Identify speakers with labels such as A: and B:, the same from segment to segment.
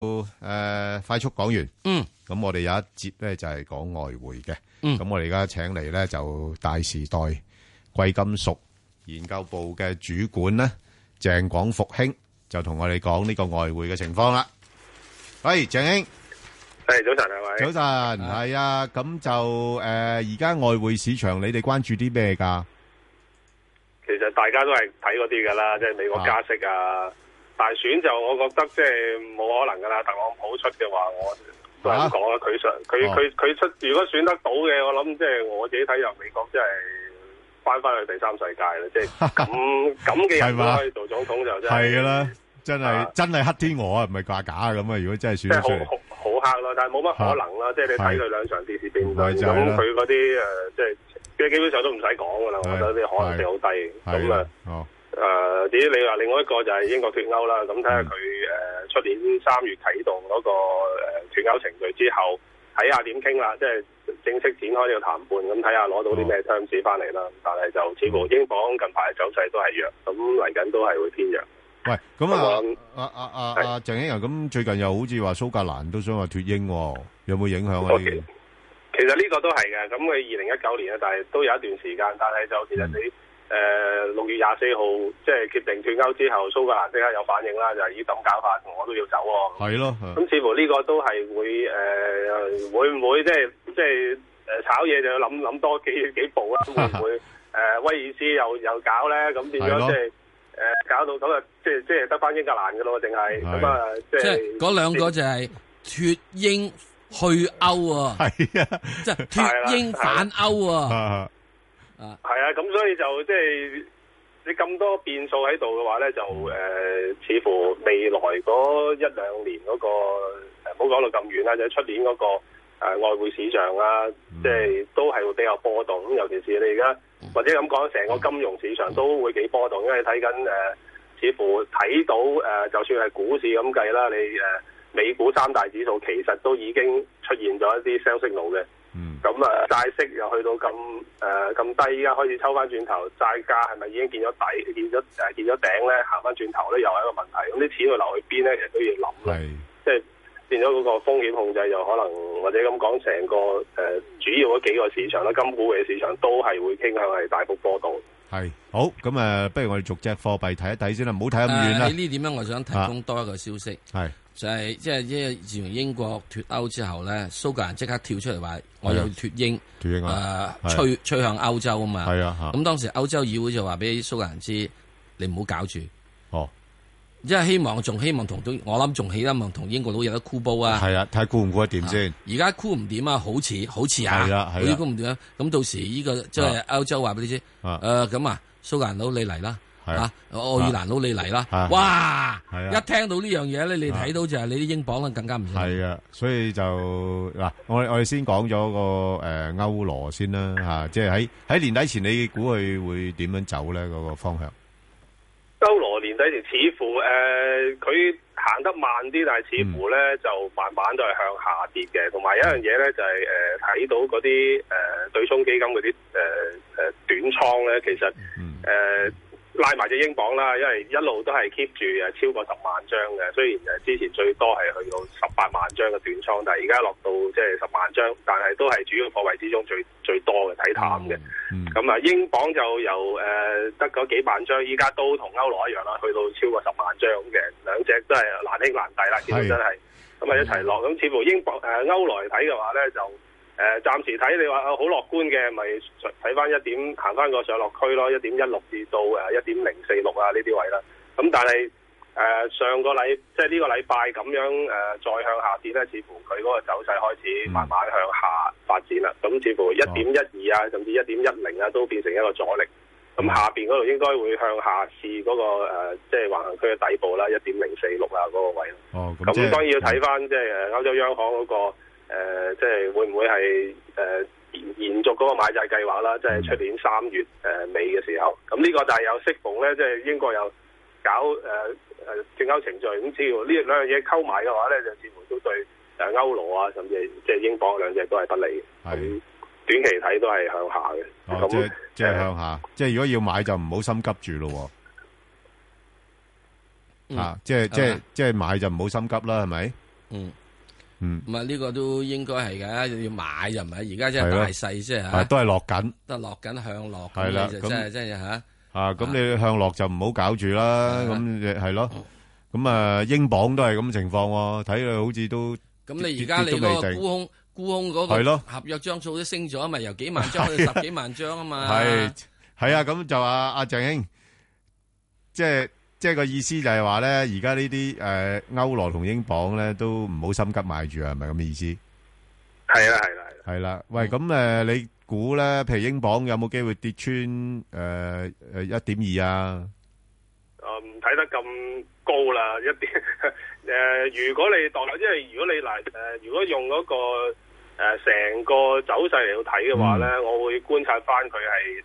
A: 誒，快速講完，嗯，咁我哋有一節咧就係講外匯嘅，嗯，咁我哋而家請嚟咧就大時代貴金屬研究部嘅主管咧鄭廣復興就同我哋講呢個外匯嘅情況啦。喂，鄭興，係早晨，兩位，早晨，係啊，咁就誒，而家外匯市場你哋關注啲咩噶？其實大家都
B: 係睇嗰啲噶啦，即係美國加息啊。大選就我覺得即係冇可能㗎啦，特朗普出嘅話，我唔敢講佢想，佢佢佢出，如果選得到嘅，我諗即係我自己睇入美國，即係翻返去第三世界啦，即係咁咁嘅人可以做總統就真係係啦，
A: 真係真係黑天鵝啊，唔係掛假啊咁啊！如果真係選，即係好好
B: 好黑咯，但係冇乜可能啦。即係你睇佢兩場電視片段，佢嗰啲誒即係基本上都唔使講㗎啦，我覺得啲可能性好低。咁啊哦。誒，至於你話另外一個就係英國脫歐啦，咁睇下佢誒出年三月啟動嗰個誒脫歐程序之後，睇下點傾啦，即係正式展開呢個談判，咁睇下攞到啲咩 terms 翻嚟啦。哦，但係就似乎英鎊近排嘅走勢都係弱，咁嚟緊都係會偏弱。
A: 喂，咁啊麼啊啊啊啊鄭英，咁是、啊、最近又好似話蘇格蘭都想話脫英，有冇影響啊？Okay.
B: 的其實呢個都係嘅，咁佢二零一九年咧，但係都有一段時間，但係就其實你、嗯。誒六，uh, 月廿四號，即係決定脫歐之後，蘇格蘭即刻有反應啦，就係咦，咁搞法，我都要走喎。
A: 係咯，咁
B: 似乎呢個都係會誒，會唔會即係即係誒炒嘢就要諗諗多幾幾步啊？會唔會誒威爾斯又又搞咧？咁變咗即係誒搞到咁啊？即係即係得翻英格蘭嘅咯，淨係咁啊？即係
C: 嗰兩個就係脫英去歐喎，係啊，即係脫英反歐喎。
B: 係啊，咁所以就即係你咁多變數喺度嘅話呢，就誒、呃，似乎未來嗰一兩年嗰、那個唔好講到咁遠啊，就出、是、年嗰、那個誒、呃、外匯市場啊，即係都係會比較波動。尤其是你而家或者咁講，成個金融市場都會幾波動，因為你睇緊誒，似乎睇到誒、呃，就算係股市咁計啦，你誒、呃、美股三大指數其實都已經出現咗一啲消息路嘅。嗯，咁啊、嗯，債息又去到咁誒咁低，而家開始抽翻轉頭，債價係咪已經見咗底，見咗誒見咗頂咧，行翻轉頭咧又係一個問題。咁啲錢會流去邊咧，其實都要諗係，即係是變咗嗰個風險控制又可能，或者咁講，成個誒、呃、主要嗰幾個市場咧，金股嘅市場都係會傾向係大幅波動。
A: 係，好，咁啊，不如我哋逐隻貨幣睇一睇先啦，唔好睇咁遠啦。誒、啊，呢
C: 點咧，我想提供多一個消息。係、啊。就係即係，即係自從英國脫歐之後咧，蘇格蘭即刻跳出嚟話：我要脫英，脫英啊！誒，趨趨向歐洲啊嘛。係啊，咁當時歐洲議會就話俾蘇格蘭知，你唔好搞住。哦，即係希望，仲希望同我諗仲希望同英國佬有得箍煲啊。
A: 係啊，睇箍唔箍得掂先。而
C: 家箍唔掂啊？好似，好似啊！係啊，箍唔掂啊？咁到時呢個即係歐洲話俾你知。誒咁啊，蘇格蘭佬你嚟啦！啊，愛爾蘭佬你嚟啦！哇，一聽到呢樣嘢咧，你睇到就係你啲英鎊
A: 咧更加唔。係啊，所以就嗱，我我哋先講咗個誒歐羅先啦吓、啊，即係喺喺年底前你估佢會點樣走咧？嗰個方向。
B: 歐羅年底前似乎誒，佢行得慢啲，但係似乎咧就慢慢都係向下跌嘅。同埋一樣嘢咧，就係誒睇到嗰啲誒對沖基金嗰啲誒誒短倉咧，其實誒。呃嗯拉埋隻英鎊啦，因為一路都係 keep 住誒超過十萬張嘅，雖然誒之前最多係去到十八萬張嘅短倉，但係而家落到即係十萬張，但係都係主要貨幣之中最最多嘅睇淡嘅。咁啊、嗯嗯，英鎊就由誒、呃、得嗰幾萬張，依家都同歐羅一樣啦，去到超過十萬張嘅兩隻都係難兄難弟啦，是其實真係咁啊一齊落，咁似乎英鎊誒、呃、歐羅嚟睇嘅話咧就。誒、呃、暫時睇你話好、啊、樂觀嘅，咪睇翻一點行翻個上落區咯，一點一六至到誒一點零四六啊呢啲位啦。咁、嗯、但係誒、呃、上個禮即係呢個禮拜咁樣誒、呃、再向下跌咧，似乎佢嗰個走勢開始慢慢向下發展啦。咁、嗯、似乎一點一二啊，哦、甚至一點一零啊，都變成一個阻力。咁、嗯、下邊嗰度應該會向下試嗰、那個、呃、即係橫行區嘅底部啦，一點零四六啊嗰、那個位。咁當然要睇翻即係歐洲央行嗰個。嗯嗯嗯誒、呃，即係會唔會係誒延延續嗰個買債計劃啦？即係出年三月誒尾嘅時候，咁、嗯這個、呢個但係有適逢咧，即係英國又搞誒誒政歐程序，咁、嗯、只要呢兩樣嘢溝埋嘅話咧，就似乎都對誒歐羅啊，甚至即係英鎊兩隻都係不利。係是短期睇都係向下嘅。哦，嗯、即
A: 係是向下。即係是如果要買就唔好心急住咯。
C: 吓，即係即
A: 係即係買就唔好心急啦，係咪？嗯。嗯
C: 嗯嗯，唔係呢個都應該係噶，要買又唔係，而家真係大勢即係吓，都係落緊，都係落緊向落，係啦，真係真係吓。啊，咁你
A: 向落就唔好搞住啦，咁係咯，咁啊，英鎊都係咁情況，睇嚟，好似都咁你而家你沽
C: 空沽空嗰個合約張數都升咗啊嘛，咪由幾萬張去十幾萬張啊嘛，係
A: 係啊，咁就阿阿鄭兄，即係。即係個意思就係話咧，而家、呃、呢啲誒歐羅同英鎊咧都唔好心急買住啊，係咪咁嘅意思？係啦，係啦，係啦。係啦，喂，咁誒、呃，你估咧，譬如英鎊有冇機會跌穿誒誒、呃啊呃、一點二啊？誒，
B: 唔睇得咁高啦，一啲誒，如果你當，因為如果你嗱誒、呃，如果用嗰、嗰個誒成、呃、個走勢嚟到睇嘅話咧，嗯、我會觀察翻佢係。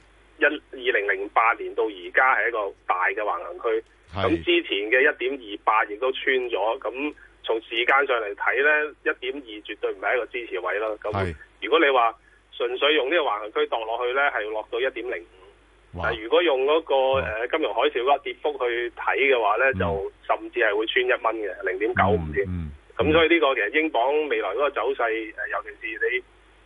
B: 一二零零八年到而家係一個大嘅橫行區，咁是之前嘅一點二八亦都穿咗，咁從時間上嚟睇，呢，一點二絕對唔係一個支持位咯。咁是如果你話純粹用個橫呢個橫行區度落去咧，係要落到一點零五。但如果用嗰個誒金融海嘯嗰個跌幅，去睇嘅話呢，嗯、就甚至係會穿一蚊嘅零點九五添。咁、嗯嗯、所以呢個其實英鎊未來嗰個走勢，尤其是你。誒誒，uh,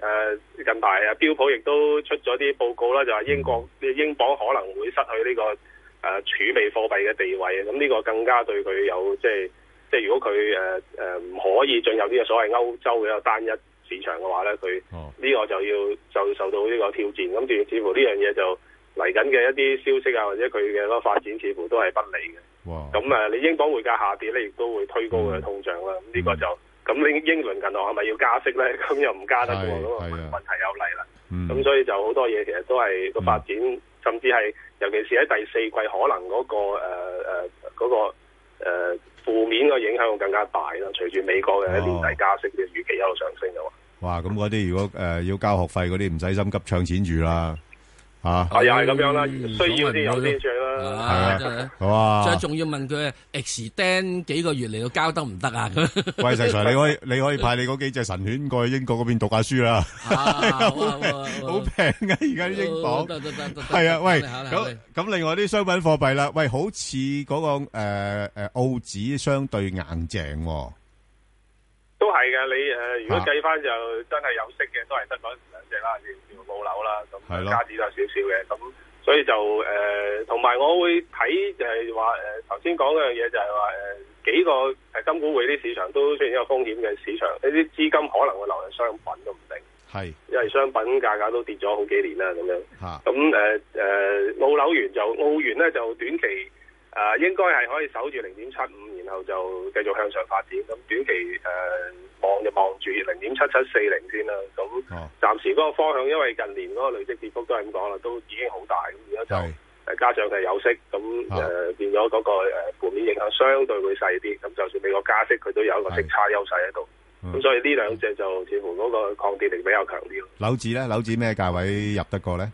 B: uh, 近排啊，標普亦都出咗啲報告啦，就話英國英鎊可能會失去呢、這個誒儲、uh, 備貨幣嘅地位，咁呢個更加對佢有即係即係如果佢誒誒唔可以進入呢個所謂歐洲嘅一個單一市場嘅話咧，佢呢個就要就要受到呢個挑戰，咁而似乎呢樣嘢就嚟緊嘅一啲消息啊，或者佢嘅嗰個發展似乎都係不利嘅。咁啊 Wow.，你英鎊匯價下跌咧，亦都會推高佢嘅通脹啦，咁呢、嗯、個就。嗯咁英英倫銀行係咪要加息咧？咁又唔加得喎，咁啊問題又嚟啦。咁所以就好多嘢其實都係個發展，甚至係尤其是喺第四季可能嗰個誒誒嗰個誒負面嘅影響更加大啦。隨住美國嘅年底加息嘅預期一路上升嘅
A: 話，哇！咁嗰啲如果誒要交學費嗰啲唔使心急搶錢住啦，嚇！係又係咁樣啦，
C: 需要啲有啲係啊，哇！再仲要問佢 extend 幾個月嚟，到交得唔得啊？喂，Sir Sir，你可以
A: 你可以派你嗰幾隻神犬過去英國嗰邊讀下書啦，好平噶，而家英鎊，係啊。喂，咁咁另外啲商品貨幣啦，喂，好似嗰個誒誒澳紙相對硬淨，都係嘅。你誒如果計翻就真係有息嘅，都係得嗰兩隻啦，要要冇樓啦，
B: 咁加紙就少少嘅咁。所以就誒，同、呃、埋我會睇就係話誒，頭先講樣嘢就係話誒幾個誒金股會啲市場都出現一個風險嘅市場，呢啲資金可能會流入商品都唔定，係是因為商品價格都跌咗好幾年啦咁樣。嚇是，咁誒誒澳紐元就澳元咧就短期啊、呃、應該係可以守住零點七五，然後就繼續向上發展。咁短期誒。呃望就望住零點七七四零先啦，咁暫時嗰個方向，因為近年嗰個累積跌幅都係咁講啦，都已經好大咁，而是、呃、家就誒加上佢係有息，咁誒、啊呃、變咗嗰個誒負面影響相對會細啲，咁就算美國加息，佢都有一個息差優勢喺度，咁是所以呢兩隻就似乎嗰個抗跌力比較強啲咯。
A: 紐紙咧，紐紙咩價位入得過咧？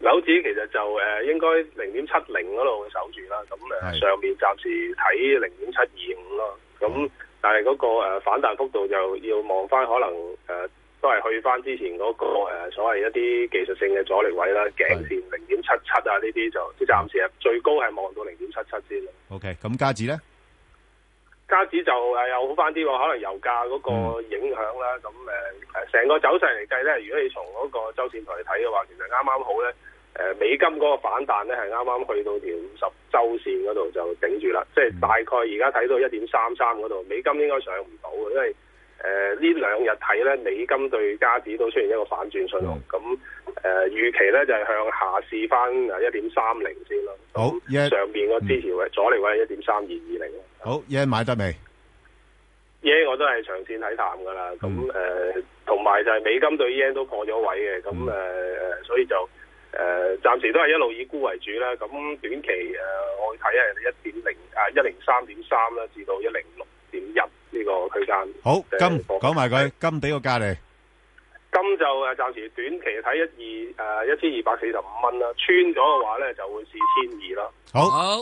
B: 紐紙其實就誒、呃、應該零點七零嗰度守住啦，咁誒、呃、是上面暫時睇零點七二。嗰、那個、呃、反彈幅度就要望翻，可能誒、呃、都係去翻之前嗰、那個、呃、所謂一啲技術性嘅阻力位啦，頸線零點七七啊，呢啲就即係暫時啊，最高係望到零點七七先啦。
A: OK，咁加紙咧？
B: 加紙就誒、呃、又好翻啲喎，可能油價嗰個影響啦。咁誒誒，成、呃、個走勢嚟計咧，如果你從嗰個周線圖嚟睇嘅話，其實啱啱好咧。誒、呃、美金嗰個反彈咧，係啱啱去到條五十週線嗰度就頂住啦，即、就、係、是、大概而家睇到一點三三嗰度，美金應該上唔到嘅，因為誒呢兩日睇咧，美金對加指都出現一個反轉信號，咁誒預期咧就係、是、向下試翻啊一點三零先咯。
A: 好，上
B: 邊個支持嘅阻力位係一點三二二零。
A: 好，yen 買得未
B: ？yen 我都係長線睇淡㗎啦，咁誒同埋就係美金對 yen 都破咗位嘅，咁誒、嗯呃、所以就。誒、呃，暫時都係一路以沽為主啦。咁短期誒、呃，我睇係一點零啊、呃，一零三點三啦，至到一零六點一呢個區間。好，金講
A: 埋佢，金俾個價嚟？金，
B: 金就誒、呃，暫時短期睇一二誒，一千二百四十五蚊啦。穿咗嘅話咧，就會試千二啦。
C: 好。